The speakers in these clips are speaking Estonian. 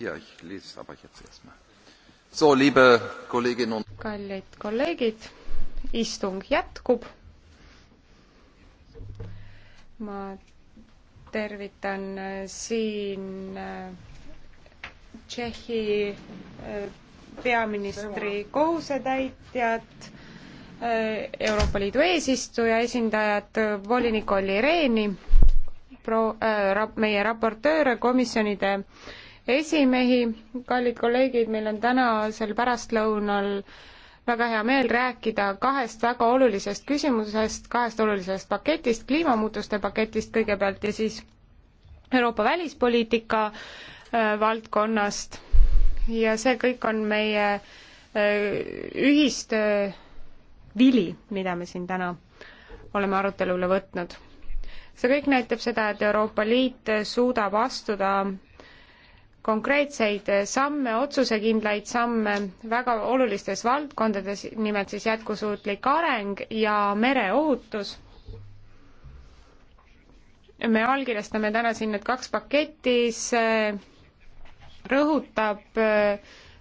Ja, ich lese aber jetzt erstmal. So, liebe Kolleginnen und kallid kolleegid, istung jätkub. ma tervitan äh, siin äh, Tšehhi äh, peaministri kohusetäitjat, Euroopa Liidu eesistuja esindajat, volinik Olli Rehni, pro-, äh, meie raportööre, komisjonide äh, esimehi, kallid kolleegid, meil on tänasel pärastlõunal väga hea meel rääkida kahest väga olulisest küsimusest, kahest olulisest paketist, kliimamuutuste paketist kõigepealt ja siis Euroopa välispoliitika äh, valdkonnast ja see kõik on meie äh, ühistöö äh, vili, mida me siin täna oleme arutelule võtnud. see kõik näitab seda, et Euroopa Liit suudab astuda konkreetseid samme, otsusekindlaid samme väga olulistes valdkondades, nimelt siis jätkusuutlik areng ja mereohutus. me allkirjastame täna siin need kaks paketti, see rõhutab äh,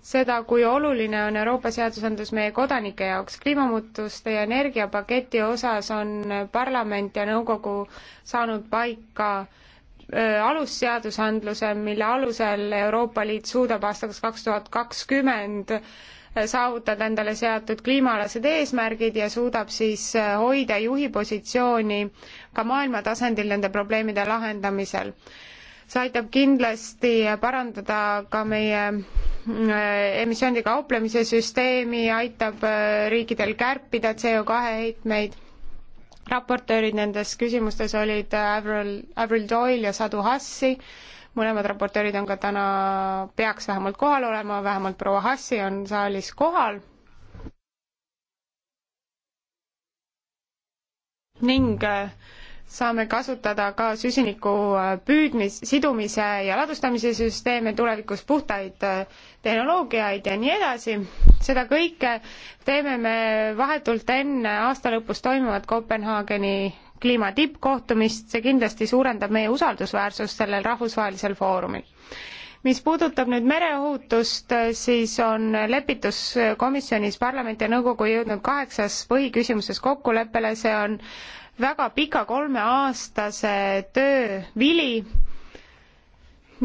seda, kui oluline on Euroopa seadusandlus meie kodanike jaoks. kliimamuutuste ja energiapaketi osas on parlament ja nõukogu saanud paika alusseadusandluse, mille alusel Euroopa Liit suudab aastaks kaks tuhat kakskümmend saavutada endale seatud kliimaalased eesmärgid ja suudab siis hoida juhi positsiooni ka maailma tasandil nende probleemide lahendamisel. see aitab kindlasti parandada ka meie emissioonide kauplemise süsteemi, aitab riikidel kärpida CO2 heitmeid raportöörid nendes küsimustes olid Avril, Avril Doyle ja Sadu Hassi, mõlemad raportöörid on ka täna, peaks vähemalt kohal olema, vähemalt proua Hassi on saalis kohal. ning saame kasutada ka süsiniku äh, püüdmis, sidumise ja ladustamise süsteeme, tulevikus puhtaid äh, tehnoloogiaid ja nii edasi. seda kõike teeme me vahetult enne aasta lõpus toimuvat Kopenhaageni kliima tippkohtumist, see kindlasti suurendab meie usaldusväärsust sellel rahvusvahelisel foorumil mis puudutab nüüd mereohutust, äh, siis on lepituskomisjonis parlament ja nõukogu jõudnud kaheksas põhiküsimuses kokkuleppele, see on väga pika kolmeaastase töö vili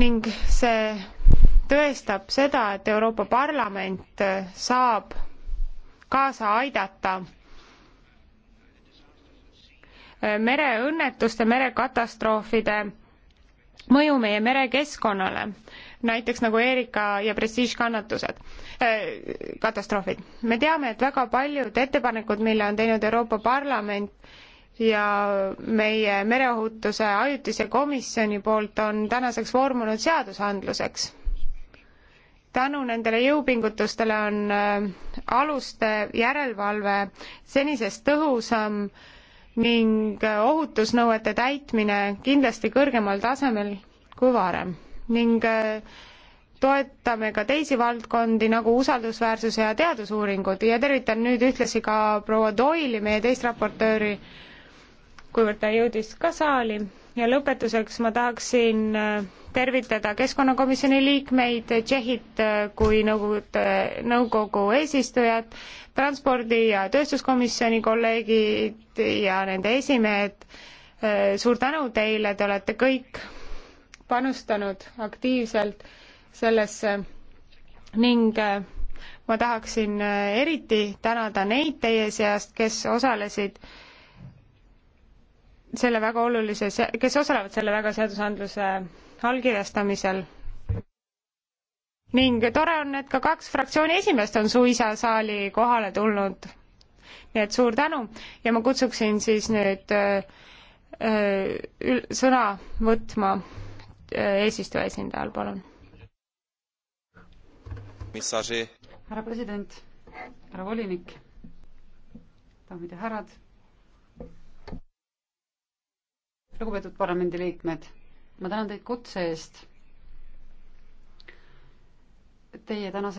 ning see tõestab seda, et Euroopa Parlament äh, saab kaasa aidata äh, mereõnnetuste, merekatastroofide mõju meie merekeskkonnale, näiteks nagu Erika ja Prestige kannatused äh,, katastroofid. me teame, et väga paljud ettepanekud, mille on teinud Euroopa Parlament ja meie mereohutuse ajutise komisjoni poolt, on tänaseks vormunud seadusandluseks. tänu nendele jõupingutustele on äh, aluste järelevalve senisest tõhusam äh, ning ohutusnõuete täitmine kindlasti kõrgemal tasemel kui varem ning äh, toetame ka teisi valdkondi nagu usaldusväärsuse ja teadusuuringud ja tervitan nüüd ühtlasi ka proua Doyle'i, meie teist raportööri, kuivõrd ta jõudis ka saali ja lõpetuseks ma tahaksin äh, tervitada keskkonnakomisjoni liikmeid, Tšehhit äh, kui nõukogude, nõukogu eesistujat, transpordi- ja tööstuskomisjoni kolleegid ja nende esimehed, äh, suur tänu teile, te olete kõik panustanud aktiivselt sellesse ning ma tahaksin eriti tänada neid teie seast, kes osalesid äh, selle väga olulise, kes osalevad selle väga seadusandluse allkirjastamisel. ning tore on, et ka kaks fraktsiooni esimeest on suisa saali kohale tulnud. nii et suur tänu ja ma kutsuksin siis nüüd öö, äh, öö, äh, sõna võtma äh, eesistuja esindajal, palun. härra president, härra volinik, daamid ja härrad lugupeetud parlamendiliikmed, ma tänan teid kutse eest. Teie tänase